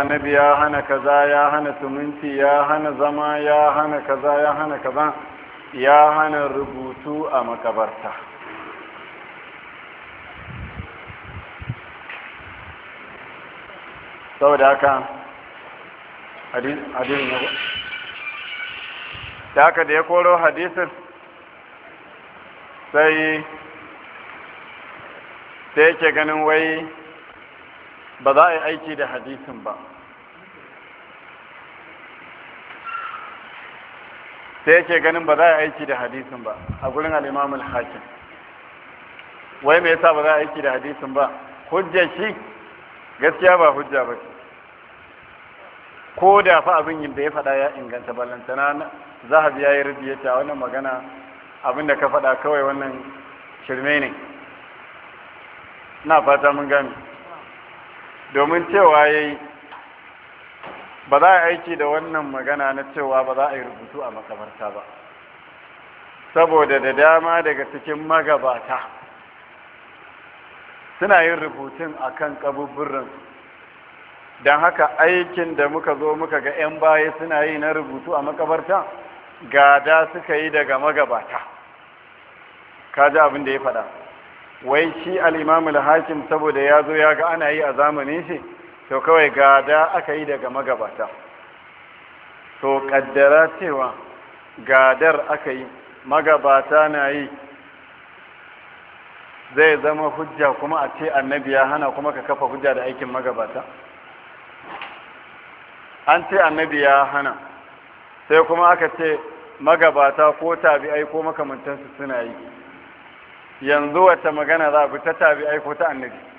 annabi ya hana kaza ya hana suminti ya hana zama ya hana kaza ya hana kaza ya hana rubutu a makabarta saboda haka hadisin da haka da ya koro hadisin sai sai ke ganin wai ba za a yi aiki da hadisin ba sai yake ganin ba za a aiki da hadisin ba a gurin al'imam hakim wai mai yasa ba za a aiki da hadisin ba hujja shi gaskiya ba hujja ba ko da fa abin da ya fada ya inganta ballantana zahabi ya yi rubi ya ce wannan magana abin da ka faɗa kawai wannan shirme ne na fata mun gani domin cewa ya yi ba za a aiki da wannan magana na cewa ba za a yi rubutu a makamarta ba saboda da dama daga cikin magabata suna yin rubutun a kan don haka aikin da muka zo muka ga 'yan baya suna yi na rubutu a makabarta gada suka yi daga magabata Ka ji abin da ya faɗa wai shi al'imamul hakim saboda ya zo ya ga ana yi a zamanin shi to kawai gada aka yi daga magabata to kaddara cewa gadar aka yi magabata na yi zai zama hujja kuma a ce annabi ya hana kuma ka kafa hujja da aikin magabata an ce annabi ya hana sai kuma aka ce magabata ko tabi'ai ko makamantansu suna yi yanzu wata magana za a bi ta tabi'ai ko ta annabi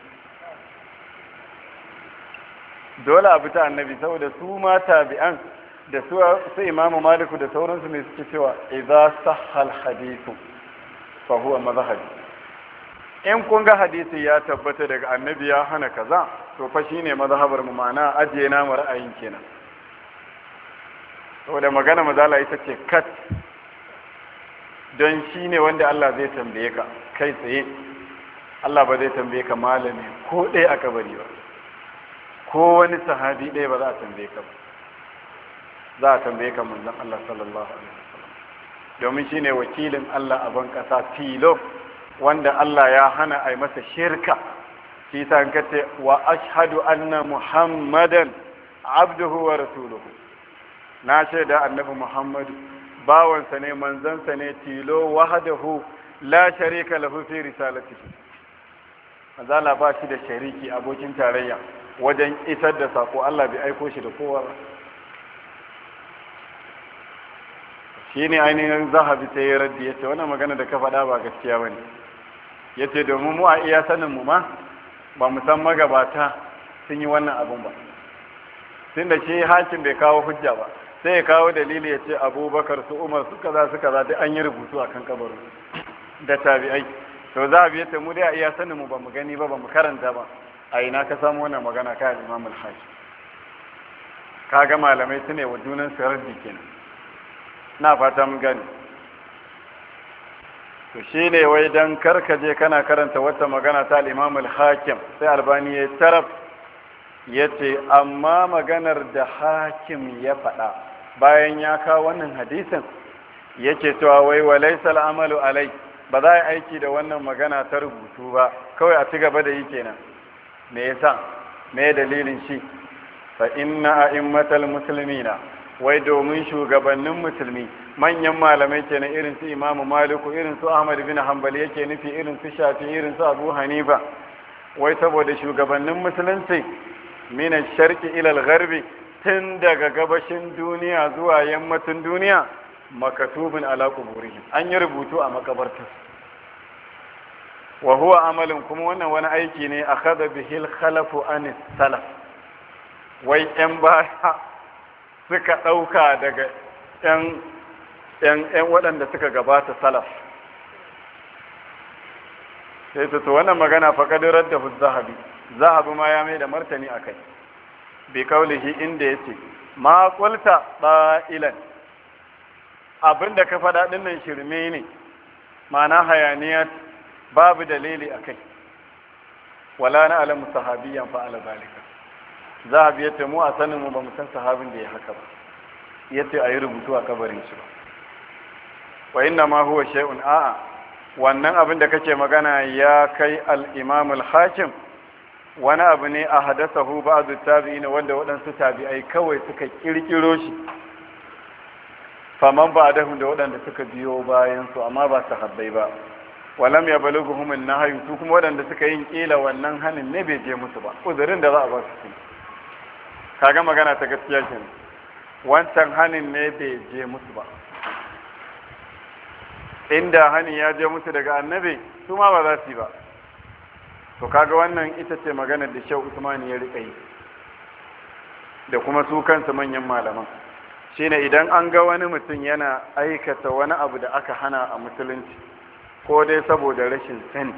dole a fita annabi saboda su ma tabi'an da su sai imamu maliku da sauransu ne suke cewa idza sahhal hadithu fa huwa mazhabi in kun ga hadisi ya tabbata daga annabi ya hana kaza to fa shine mazhabar mu mana ajiye na mu ra'ayin kenan saboda magana mazala ita ce kat don shine wanda Allah zai tambaye ka kai tsaye Allah ba zai tambaye ka malami ko ɗaya a kabari ba ko wani sahabi ɗaya ba za a tambaye ka ba za a tambaye ka manzan Allah sallallahu alaihi wasallam domin shine wakilin Allah a ban kasa tilo wanda Allah ya hana a yi masa shirka shi ta kace wa ashhadu anna muhammadan abduhu wa rasuluhu na ce da annabi muhammadu bawansa ne manzansa ne tilo wahdahu la sharika lahu fi risalatihi Allah ba shi da shariki abokin tarayya wajen isar da sako Allah bai aiko shi da kowa ba shi ne ainihin zahabi ta yi raddi ya ce wannan magana da ka faɗa ba gaskiya ba ne ya ce domin mu a iya sanin mu ma ba mu san magabata sun yi wannan abin ba tun da shi hakin bai kawo hujja ba sai ya kawo dalili ya ce abubakar su umar su kaza su kaza duk an yi rubutu a kan kabarin da tabi'ai to za a biya ta mu dai a iya sanin mu ba mu gani ba ba mu karanta ba a ina ka samu wannan magana kai imam al-haji kaga malamai su ne wa junan su raddi kenan na fata mun gani to shine wai dan karka je kana karanta wata magana ta al-imam hakim sai albani ya taraf yace amma maganar da hakim ya faɗa bayan ya kawo wannan hadisin yake cewa wai walaisal amalu alai ba za a aiki da wannan magana ta rubutu ba kawai a ci gaba da yi kenan me yasa me dalilin shi fa inna a'immatal muslimina wai domin shugabannin musulmi manyan malamai kenan irin su Imam Malik, irin su Ahmad bin Hanbal yake nufi irin su Shafi irin su Abu Hanifa wai saboda shugabannin musulunci min sharqi ila al-gharbi tun daga gabashin duniya zuwa yammacin duniya makatubin ala kuburihim an yi rubutu a makabartarsu wa huwa amalin kuma wannan wani aiki ne a kada bihil khalafu anis salaf wai yan baya suka ɗauka daga yan waɗanda suka gabata salaf sai ta wannan magana faƙadirar da zahabi zahabi ma ya mai da martani a kai bi kaulihi inda ya ce ma kulta abinda ka faɗa ɗinnan shirme ne ma'ana hayaniyar. babu dalili a kai wala na alamu sahabiyan fa'ala zalika a biya ce mu a sanin mu ba mu sahabin da ya haka ba ya ce a yi rubutu a kabarin shi ba wa inna ma huwa shay'un a'a wannan abin da kake magana ya kai al-imam hakim wani abu ne a hadasa hadasahu tabi tabi'ina wanda waɗansu tabi'ai kawai suka kirkiro shi faman ba da waɗanda suka biyo bayansu, amma ba sahabbai ba walam ya balagu humin na hayu su kuma waɗanda suka yin ƙila wannan hannun ne bai je musu ba uzurin da za a ba su shi kaga magana ta gaskiya kenan wancan hannun ne bai je musu ba inda hannun ya je musu daga annabi su ma ba za su yi ba to kaga wannan ita ce magana da shau usmani ya riƙa yi da kuma su kansu manyan malaman shine idan an ga wani mutum yana aikata wani abu da aka hana a musulunci ko dai saboda rashin sani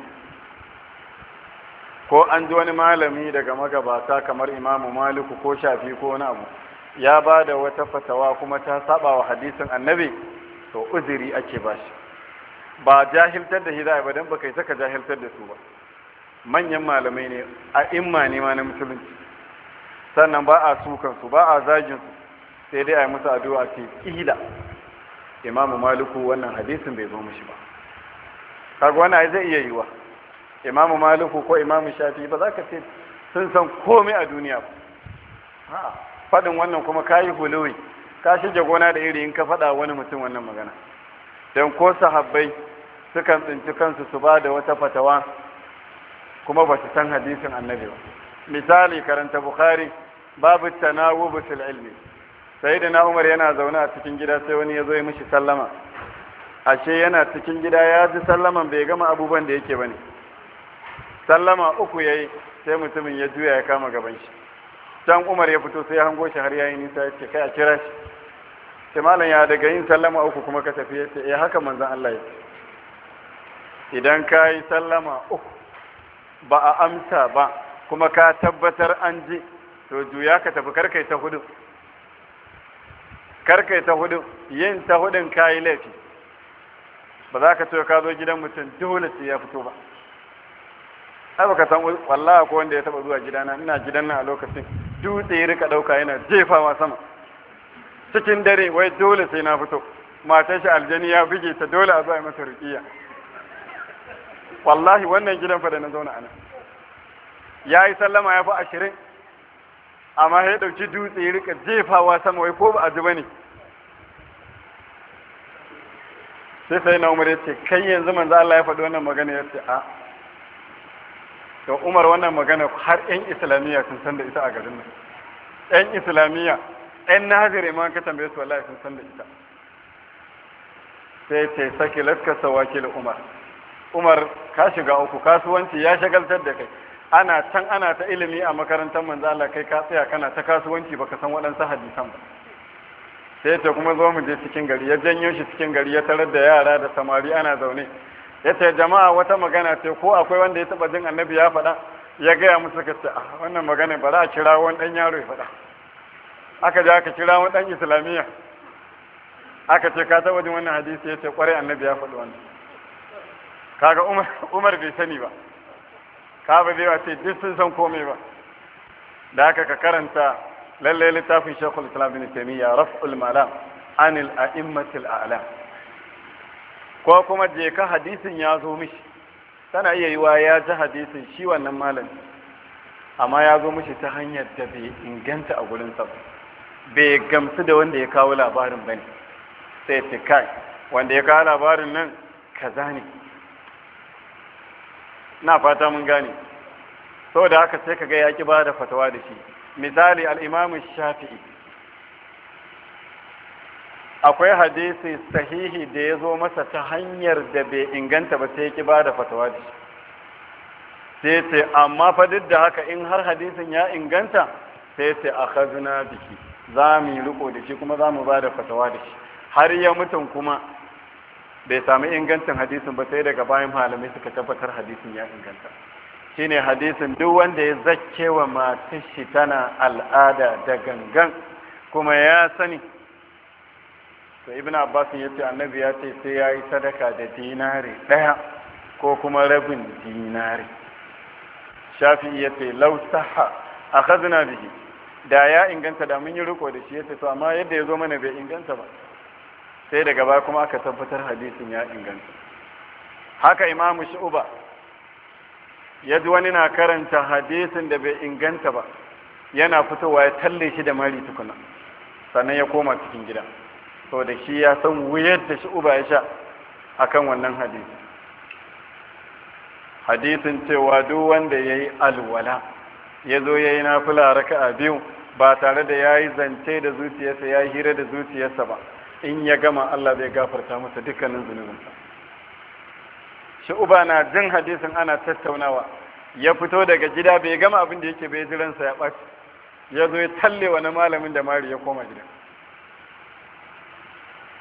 ko an ji wani malami daga magabata kamar imamu maliku ko shafi ko wani abu ya ba da wata fatawa kuma ta saba wa hadisin annabi to uzuri ake ba shi ba jahiltar da hidaya ba don baka yi saka jahiltar da su ba manyan malamai ne a imma ne ma na musulunci sannan ba a sukansu ba a zaginsu sai dai a yi musu addu'a ce ƙila imamu maliku wannan hadisin bai zo mishi ba kaga wani zai iya yiwa imamu maliku ko imamu shafi ba za ka ce sun san komai a duniya ba faɗin wannan kuma ka yi ka shige gona da iri in ka faɗa wani mutum wannan magana Dan ko sahabbai sukan tsinci kansu su ba da wata fatawa kuma ba su san hadisin annabi ba misali karanta bukhari babu tanawu ilmi sai da umar yana zaune a cikin gida sai wani ya zo ya mishi sallama ashe yana cikin gida ya ji sallaman bai gama abubuwan da yake bane sallama uku yayi sai mutumin ya juya ya kama gaban shi can Umar ya fito sai ya hango shi har yayi nisa ya kai a kira shi sai malam ya daga yin sallama uku kuma ka tafi yace eh haka manzon Allah ya idan ka yi sallama uku ba a amsa ba kuma ka tabbatar an ji to juya ka tafi karkai ta hudu karkai ta hudu yin ta hudun yi laifi ba za ka ce ka zo gidan mutum dole sai ya fito ba ai baka san wallahi ko wanda ya taba zuwa gidana ina gidan nan a lokacin dutse ya rika dauka yana jefawa sama cikin dare wai dole sai na fito matar shi aljani ya bige ta dole a zo a masa ruqiya wallahi wannan gidan fa da na zauna anan ya yi sallama ya fi ashirin amma ya ɗauki dutse ya rika jefawa sama wai ko ba a ji ba ne sai sai na umar ya ce kai yanzu manzo Allah ya faɗi wannan magana ya ce a to umar wannan magana har ɗan islamiyya sun san da ita a garin nan yan islamiyya yan nahajir ma ka tambaye su wallahi sun san da ita sai ce saki laska sawakil umar umar ka shiga uku kasuwanci ya shagaltar da kai ana can ana ta ilimi a makarantar manzo Allah kai ka tsaya kana ta kasuwanci baka san waɗansu hadisan ba sai ta kuma zo mu je cikin gari ya janyo shi cikin gari ya tarar da yara da samari ana zaune ya ce jama'a wata magana ce ko akwai wanda ya taba jin annabi ya faɗa ya gaya musu ka ce ah wannan magana ba za a kira wani ɗan yaro ya faɗa aka je aka kira wani ɗan islamiyya aka ce ka taba jin wannan hadisi ya ce kwarai annabi ya faɗi wannan kaga umar umar bai sani ba ka ba zai ce duk sun san komai ba da haka ka karanta lallai littafin shekul islam bin taimiyya raf'ul malam anil a'immatil ala ko kuma je ka hadisin ya zo mishi tana iya yiwa ya ji hadisin shi wannan malam amma ya zo mishi ta hanyar da bai inganta a gurin sa bai gamsu da wanda ya kawo labarin bane sai ce kai wanda ya kawo labarin nan kaza ne na fata mun gane saboda haka sai kaga ya ki ba da fatawa da shi misali al'imamu shafi'i akwai hadisi sahihi da ya zo masa ta hanyar da bai inganta ba sai ki ba da fatawa da sai ce amma fa duk da haka in har hadisin ya inganta sai ce a kazina biki za mu yi riko da shi kuma za mu ba da fatawa da shi har ya mutum kuma bai sami ingancin hadisin ba sai daga bayan malamai suka tabbatar hadisin ya inganta shine hadisin duk wanda ya zakke wa matar shi tana al'ada da gangan kuma ya sani to ibn abbas ya ce annabi ya ce sai ya yi sadaka da dinari ɗaya ko kuma rabin dinari shafi ya ce lau saha a kazina bihi da ya inganta da mun yi riko da shi ya ce to amma yadda ya zo mana bai inganta ba sai daga ba kuma aka tabbatar hadisin ya inganta haka imamu shu'uba ya ji wani na karanta hadisin da bai inganta ba yana fitowa ya talle shi da mari tukuna sannan ya koma cikin gida da shi ya san wuyar da shi uba ya sha akan wannan hadisi hadisin cewa duk wanda ya yi alwala ya zo ya yi na raka a biyu ba tare da ya yi zance da zuciyarsa ya yi hira da zuciyarsa ba in ya gama Allah zai gafarta masa dukkanin zunubinsa shu'uba na jin hadisin ana tattaunawa ya fito daga gida bai gama abin da yake bai jiransa ya ɓaci ya zo ya talle wani malamin da mari ya koma gida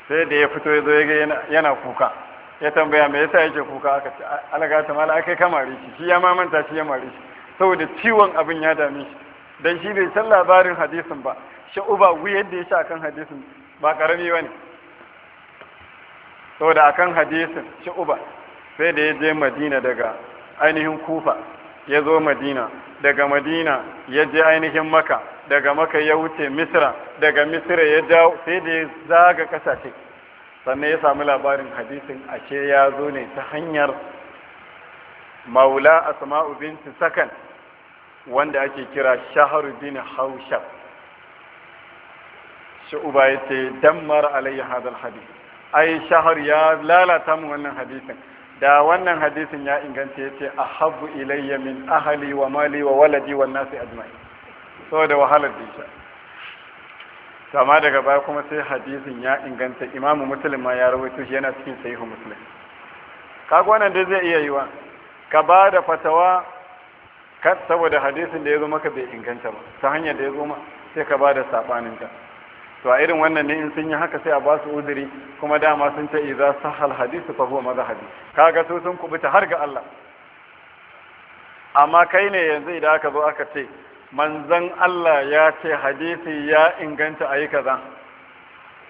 sai da ya fito ya zo ya yana kuka ya tambaya me yasa yake kuka aka ce alaga ta mala akai kama shi shi ya mamanta shi ya mari shi saboda ciwon abin ya dame shi dan shi bai san labarin hadisin ba sha'uba wuyar da ya sha akan hadisin ba karami bane saboda akan hadisin sha'uba sai da ya je madina daga ainihin kufa ya zo madina daga madina ya je ainihin maka daga maka ya wuce misira daga misira ya dawo sai da ya zaga kasashe sannan ya sami labarin hadisin ashe ya zo ne ta hanyar maula asma'u binti sakan wanda ake kira shaharuddin haushab shu'uba ya ce dammar alayyar hadal hadis ai shahar ya lalata mu wannan hadisin da wannan hadisin ya inganta yace ahabbu ilayya min ahali wa mali wa waladi wa nasi so da wahalar da to daga baya kuma sai hadisin ya inganta imamu muslim ma ya rawaito shi yana cikin sahihu muslim kaga wannan da zai iya yiwa ka ba da fatawa saboda hadisin da ya zo maka bai inganta ba ta hanyar da ya zo ma sai ka ba da saɓaninta. to a irin wannan ne in sun yi haka sai a ba su uzuri kuma dama sun ce idza sahal hadisu fa huwa mazhabi kaga su sun kubuta har ga Allah amma kai ne yanzu idan aka zo aka ce manzon Allah ya ce hadisi ya inganta ayi kaza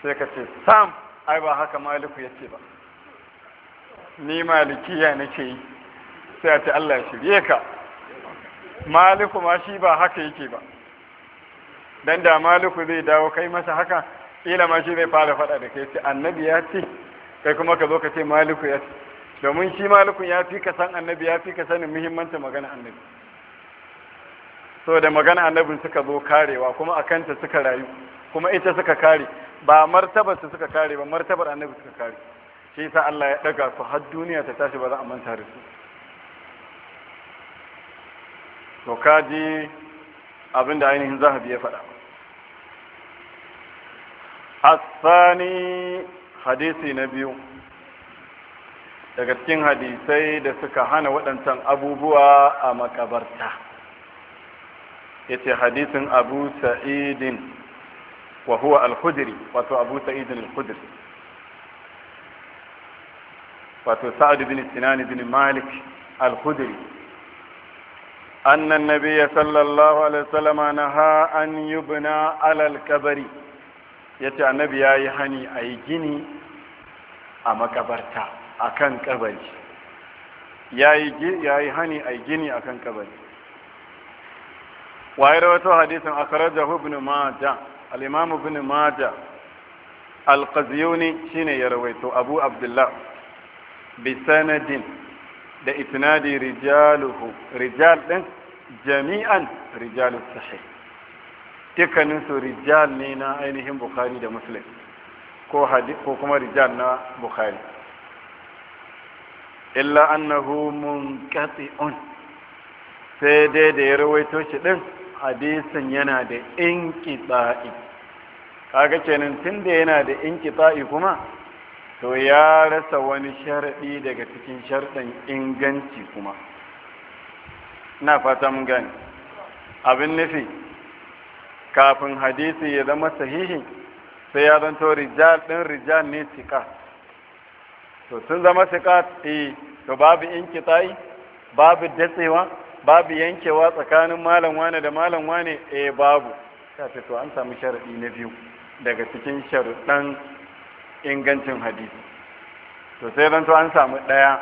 sai ka ce sam ai ba haka maliku ya ce ba ni malikiya nake yi sai a ce Allah ya shirye ka maliku ma shi ba haka yake ba dan da maliku zai dawo kai masa haka kila ma shi zai fara faɗa da kai ce annabi ya ce kai kuma ka zo ka ce maliku ya ce domin shi malikun ya fi ka san annabi ya fi ka sanin muhimmancin magana annabi so da magana annabin suka zo karewa kuma a kanta suka rayu kuma ita suka kare ba martabar su suka kare ba martabar annabi suka kare shi yasa Allah ya daga su har duniya ta tashi ba za a manta da su to kaji abinda ainihin zahabi ya faɗa الثاني hadisi na biyu daga cikin hadisai da suka hana waɗancan abubuwa a makabarta ya hadisin abu sa'idin wa huwa al-khudri wato abu sa'idin al-khudri wato sa'ad bin sinan bin malik al-khudri anna an-nabiy sallallahu alaihi wasallam naha an yubna ala al-kabari ya ce annabi ya yi hani a yi gini a makabarta a kan kabari ya yi hani a yi gini a kan kabari waye hadisin a karajar maja al'imamu ibn maja alƙaziyoni shine ya rawaito abu abdullah bisanadin da itinadi rijaluhu rijal ɗin jami'an rijalus sahih dukkanin su rijal ne na ainihin bukhari da muslim ko ko kuma rijal na bukhari illa annahu munqati'un sai dai da ya rawaito shi din hadisin yana da inqita'i kaga kenan tunda yana da inqita'i kuma to ya rasa wani sharadi daga cikin shartan inganci kuma na fata mun gani abin nufi kafin hadisi ya zama sahihi sai ya zanto rijal ɗin rijal ne sikat to sun zama sikat eh to babu inkita'i babu datsewa babu yankewa tsakanin malam wane da malam wane eh babu ta to an samu sharadi na biyu daga cikin sharuɗan ingancin hadisi to sai zanto an samu ɗaya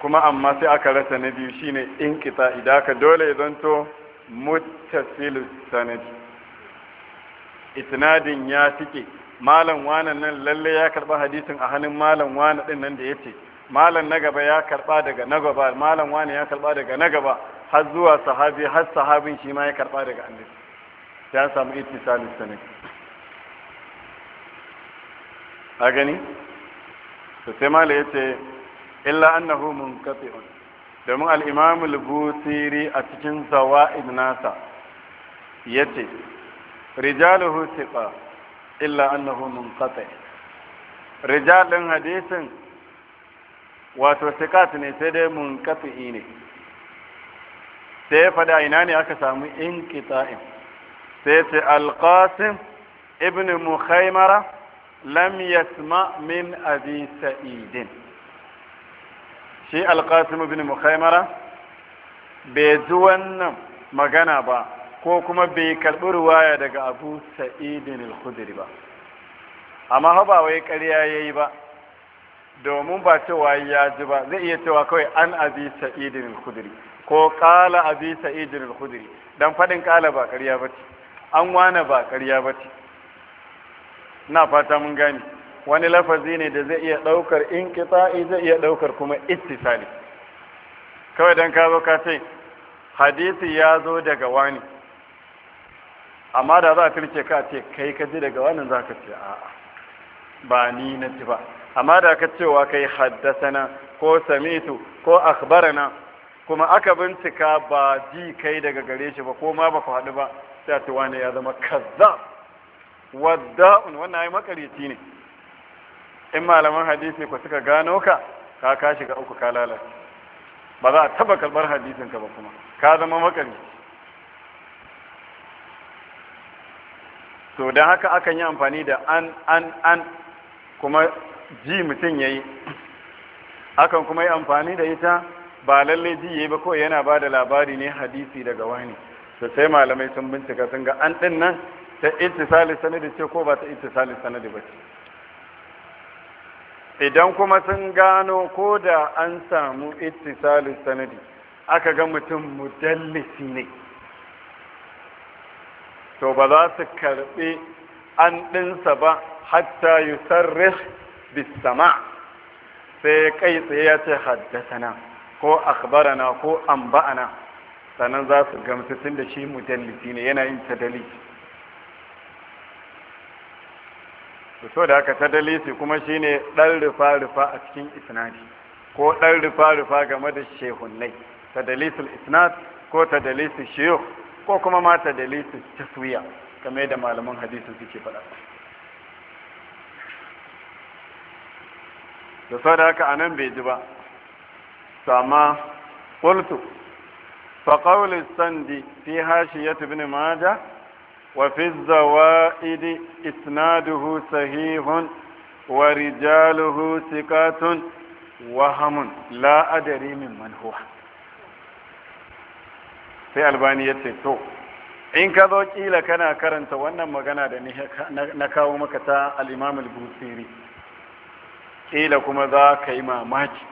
kuma amma sai aka rasa na biyu shine inkita idan ka dole zanto muttasilus sanad isnadin ya tike malam wanan nan lalle ya karba hadisin a hannun malam wana din nan da yace malam na gaba ya karba daga na gaba malam wani ya karba daga na gaba har zuwa sahabi har sahabin shi ma ya karba daga annabi ya samu ittisalus sanad a gani to sai malam yace illa annahu munqati'un domin al'imam al-busiri a cikin zawa'id nasa ya ce rijaluhu siqa illa annahu munqati rijalin hadisin wato sikat ne sai dai munqati ne sai ya faɗa ina ne aka samu inqita'in sai ya ce al ibn mukhaymara lam yasma min abi sa'idin shi alqasim bin mukhaimara bai ji wannan magana ba ko kuma bai karɓi ruwaya daga abu sa'idin al ba amma ba wai ƙarya yi ba domin ba cewa ya ji ba zai iya cewa kawai an abi sa'idin al ko ƙala abi sa'idin al-khudri dan fadin ƙala ba ƙarya ce an wana ba ƙarya ce na fata mun gani. wani lafazi ne da zai iya ɗaukar inƙita'i zai iya ɗaukar kuma ittisali kawai don ka zo ka ce hadisi ya zo daga wani amma da za a turke ka ce kai ka ji daga wani za ka ce a'a ba ni na ji ba amma da ka cewa kai haddasana ko samitu ko na kuma aka bincika ba ji kai daga gare shi ba ko ma ba ku haɗu ba sai a ce wani ya zama kaza wadda'un wannan yi makarici ne in malaman hadisi ku suka gano ka ka ka shiga uku ka lalace ba za a taba kalbar hadisin ka ba kuma ka zama makari to don haka akan yi amfani da an an an kuma ji mutum ya yi akan kuma yi amfani da ita ba lalle ji ya yi ba kawai yana ba da labari ne hadisi daga wani to sai malamai sun bincika sun ga an ɗin nan ta ittisali sanadi ce ko ba ta ittisali sanadi ba ce idan kuma sun gano ko da an samu itisalin sanadi aka ga mutum mudallisi ne to ba za su karɓi an ɗinsa ba hatta yi sarrih bisama sai kai tsaye ya ce haddasana ko akbarana ko amba'ana sannan za su gamsu tun da shi mudallisi ne yana yin tadalisi so da aka tadalisi kuma shine dan rufa rufa a cikin isnadi ko dan rufa rufa game da shehunnai tadalisul isnad ko tadalisul shuyukh ko kuma ma tadalisul taswiya kamar da malaman hadisi suke faɗa da so da haka anan bai ji ba sama qultu fa qawlu sandi fi hashiyat ibn majah وفي الزوائد إسناده صحيح ورجاله ثقات وهم لا أدري من من هو sai albani ya ce to in ka zo ƙila kana karanta wannan magana da na kawo maka ta al'imam al-busiri kila kuma za ka yi mamaki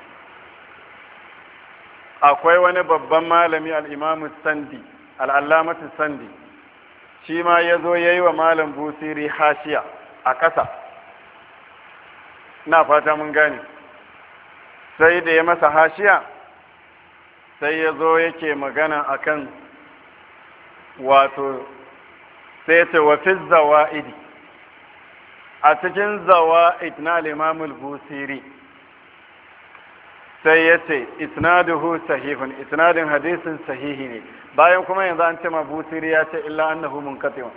akwai wani babban malami al'imam sandi al'allamatu sandi shi ma ya zo ya yi wa malam busiri hashiya a ƙasa na fata mun gani. sai da ya masa hashiya sai ya zo yake magana kan wato sai ce wa fi zawa'idi a cikin zawa'id na limamul busiri sai ya ce isnaduhu sahihun isnadin hadisin sahihi ne bayan kuma yanzu an ce mabusiri ya ce illa annahu munqati'un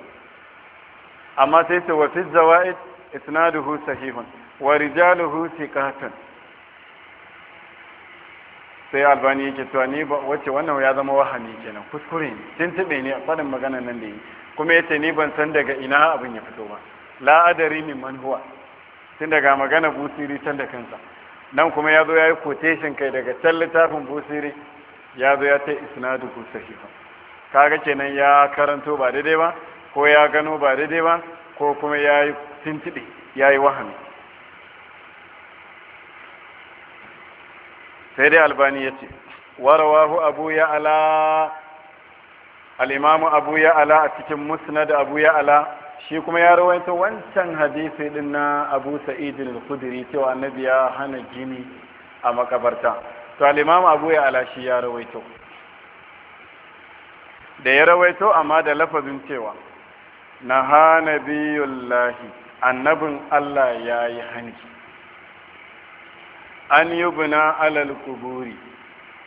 amma sai ce wa fi zawaid isnaduhu sahihun wa rijaluhu thiqatun sai albani yake to ni ba wacce wannan ya zama wahani kenan kuskure ne tuntube ne a faɗin maganar nan da yi kuma yace ni ban san daga ina abin ya fito ba la adari min man huwa tun daga magana busiri can da kansa nan kuma ya zo ya yi quotation kai daga can littafin busiri ya zo ya ta isnaduhu sahiha kaga kenan ya karanto ba daidai ba ko ya gano ba daidai ba ko kuma ya yi tintiɗe ya yi wahami sai dai albani ya ce warawahu abu ya ala al'imamu abu ya ala a cikin musnad abu ya ala shi kuma ya rawaito wancan hadisi din na abu sa'id al-khudri cewa annabi ya hana jini a makabarta to al-imam abu ya alashi ya rawaito da ya rawaito amma da lafazin cewa na hana biyullahi annabin Allah ya yi hani an yi buna alal kuburi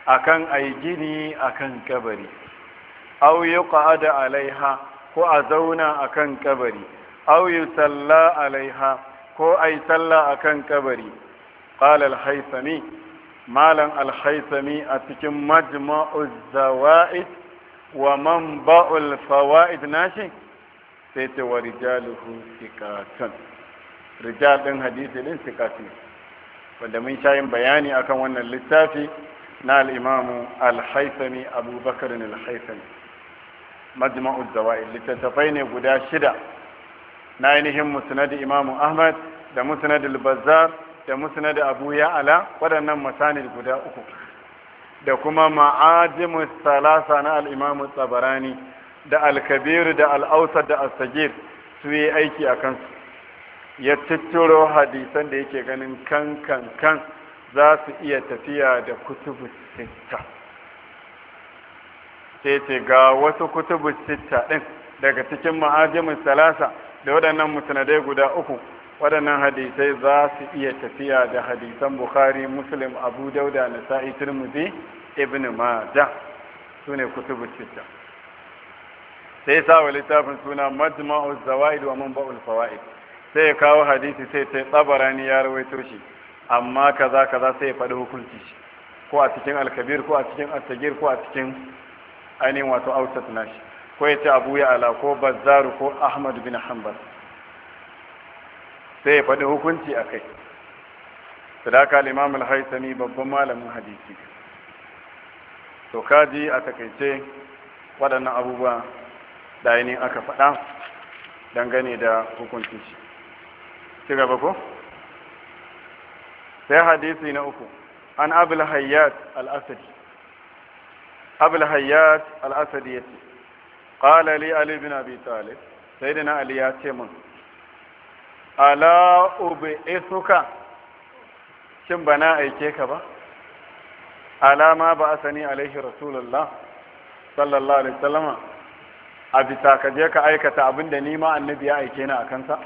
akan gini akan kabari au yuqa'ada alaiha ko a zauna a kan kabari au salla alaiha ko a yi salla a kan kabari ƙalal haisami malam alhaisami a cikin majma'uz zawa'id wa man ba'ul fawa'id nashi sai ce wa rijaluhu sikatan rijal ɗin hadisi ɗin sikatun wanda mun sha yin bayani akan wannan littafi na al'imamu alhaisami abubakar alhaisami majma'ud zawa'id littattafai ne guda shida na ainihin musnad imam ahmad da musnad al-bazzar da musnad abu ya'ala waɗannan masanid guda uku da kuma ma'ajimu salasa na al-imam tsabarani da al-kabir da al-ausar da as-sagir su yi aiki a kansu ya cicciro hadisan da yake ganin kan kan kan za su iya tafiya da kutubu sittah sai ce ga wasu kutubu sita ɗin daga cikin ma'ajimin salasa da waɗannan musanadai guda uku waɗannan hadisai za su iya tafiya da hadisan bukhari muslim abu dauda nasa'i turmuzi ibn maja su ne kutubu sita sai sa wa littafin suna majma'u zawaid wa manba'ul fawaid sai ya kawo hadisi sai sai rani ya rawaito shi amma kaza kaza sai ya faɗi hukunci ko a cikin alkabir ko a cikin asagir ko a cikin ainihin wato ausat nashi ko ya ce abu ya ala ko bazzaru ko ahmad bin hanbal sai ya faɗi hukunci a kai sadaka limam al-haisami babban malamin hadisi to kaji a takaice waɗannan abubuwa da ainihin aka faɗa dangane da hukuncin shi ci gaba ko sai hadisi na uku an abul hayyat al-asadi abul hayyat al ya ce. qala li ali bin abi talib na ali ya ce mun ala isuka. shin bana aike ka ba alama ba a asani alaihi rasulullah sallallahu alaihi salama. a bisa ka je ka aikata abin da nima annabi ya aike ni a kansa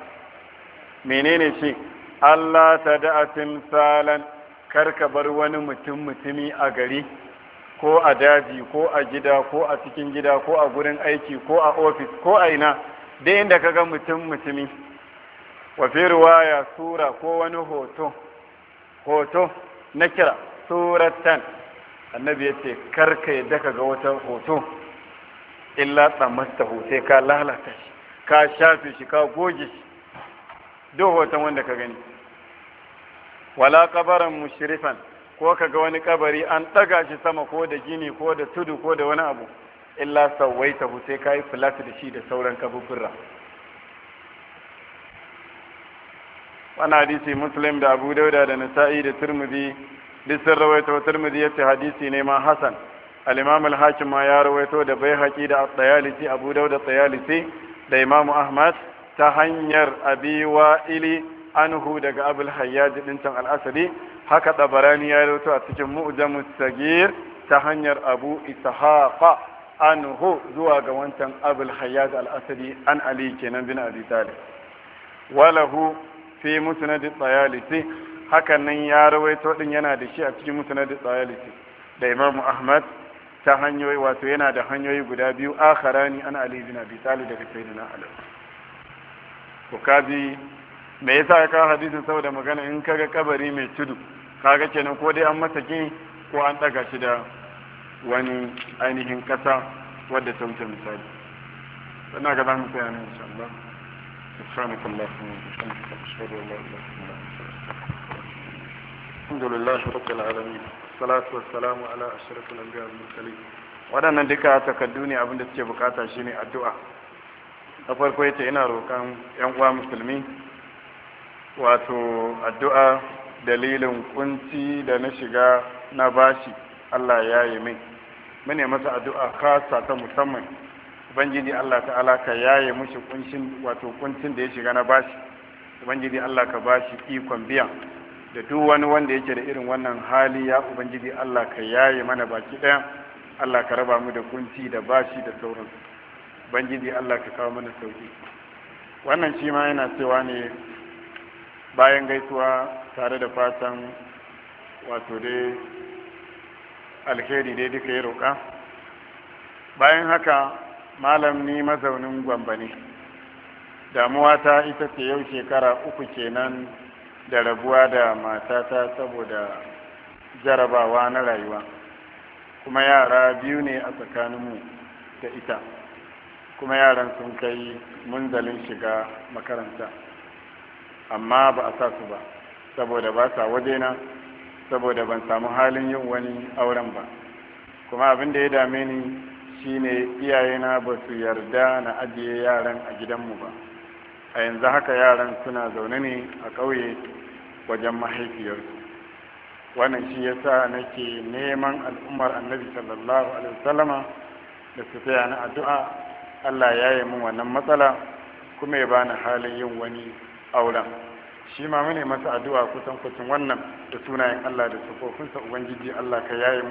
menene shi Allah ta da'atin salan kar ka bar wani mutum mutumi a gari ko a daji ko a gida ko a cikin gida ko a gurin aiki ko a ofis ko a ina da inda ga mutum mutumi wa fi riwaya sura ko wani hoto hoto na kira suratan annabi ya ce karka yadda daka ga wata hoto illa tsamasta hoto ka lalata shi ka shafe shi ka goge shi duk hoton wanda ka gani wala kabaran mushrifan ko ka ga wani kabari an ɗaga shi sama ko da gini ko da tudu ko da wani abu illa hu sai ka yi flat da shi da sauran kabuburra wani hadisi muslim da abu dauda da nasa'i da turmudi duk sun rawaito turmudi ya ce hadisi ne ma Hassan, al-imam hakim ma ya rawaito da bai haƙi da tsayalisi abu dauda tsayalisi da imamu ahmad ta hanyar abi wa'ili anhu daga abul hayyaj din can al haka tabarani ya rawaito a cikin mu'jamus sagir ta hanyar abu ishaqa anhu zuwa ga wancan abul hayyaj al-asali an ali kenan bin abi talib walahu fi musnad at-tayalisi hakan nan ya rawaito din yana da shi a cikin musnad at-tayalisi da imamu ahmad ta hanyoyi wato yana da hanyoyi guda biyu akharani an ali bin abi talib daga sayyidina ali ko kabi me yasa ya kawo hadisin saboda magana in kaga kabari mai tudu kaga kenan ko dai an masa ko an daga shi da wani ainihin kasa wadda ta wuce misali sannan ga zamu tsaya ne insha Allah سبحانك اللهم وبحمدك أشهد أن لا إله إلا أنت الحمد Salatu رب العالمين والصلاة والسلام على أشرف الأنبياء والمرسلين waɗannan duka takardu ne abinda suke bukata shine addu'a na farko yace ina roƙon 'yan uwa musulmi wato addu'a dalilin kunci da na shiga na bashi Allah ya yi min mune masa addu'a kasa ta musamman ubangiji Allah ta'ala ka yi mushi kuncin wato kuncin da ya shiga na bashi ubangiji Allah ka bashi ikon biya da duk wani wanda yake da irin wannan hali ya ubangiji Allah ka yaye mana baki ɗaya Allah ka raba mu da kunci da bashi da sauransu ubangiji Allah ka kawo mana sauki wannan shi ma yana cewa ne bayan gaisuwa tare da fatan wato dai alheri dai duka ya roƙa bayan haka malam ni mazaunin gwamba ne damuwa ta ita ce yau shekara uku kenan da rabuwa da matata saboda jarabawa na rayuwa kuma yara biyu ne a tsakaninmu da ita kuma yaran sun kai munzalin shiga makaranta amma ba a sa su ba saboda ba sa waje na saboda ban samu halin yin wani auren ba kuma abin da ya dame ni shine iyayena ba su yarda na ajiye yaran a gidanmu ba a yanzu haka yaran suna zaune ne a ƙauye wajen mahaifiyarsu wannan shi ya yasa nake neman al'ummar annabi sallallahu alaihi wasallama da su taya na addu'a Allah ya yi min wannan matsala kuma ya bani halin yin wani auren shi ma mune masa addu'a kusan kusan wannan da sunayen Allah da sufofinsa ubangiji Allah ka yaye